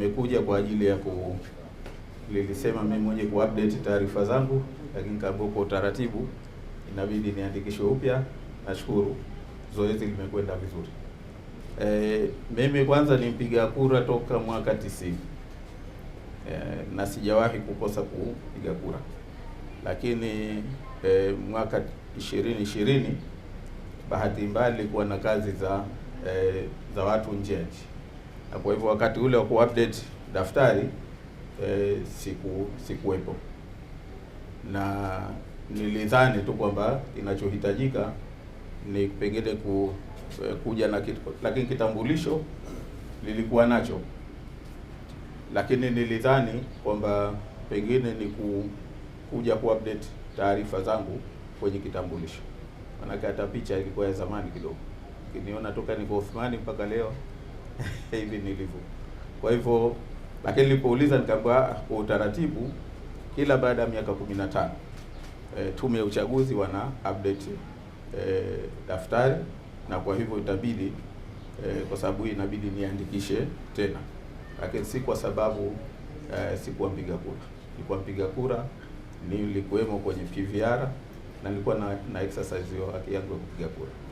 nimekuja kwa ajili ya ku nilisema mimi mwenye ku update taarifa zangu, lakini kaambia kwa utaratibu inabidi niandikishwe upya. Nashukuru zoezi limekwenda vizuri. E, mimi kwanza ni mpiga kura toka mwaka tisini e, na sijawahi kukosa kupiga kura, lakini e, mwaka ishirini ishirini bahati mbaya nilikuwa na kazi za e, za watu nje ya nchi na kwa hivyo wakati ule wa update daftari e, siku sikuwepo, na nilidhani tu kwamba kinachohitajika ni pengine ku, e, kuja na kitu, lakini kitambulisho lilikuwa nacho, lakini nilidhani kwamba pengine ni ku, kuja update taarifa zangu kwenye kitambulisho, maanake hata picha ilikuwa ya zamani kidogo, ukiniona toka niko Uthmani mpaka leo hivi nilivyo. Kwa hivyo, lakini nilipouliza nikaambiwa ah, kwa utaratibu kila baada ya miaka 15 e, eh, tume ya uchaguzi wana update e, daftari na kwa hivyo itabidi e, kwa sababu hii inabidi niandikishe tena, lakini si kwa sababu e, sikuwa mpiga kura. Nilikuwa mpiga kura, nilikuwemo kwenye PVR na nilikuwa na, na exercise yangu ya kupiga kura.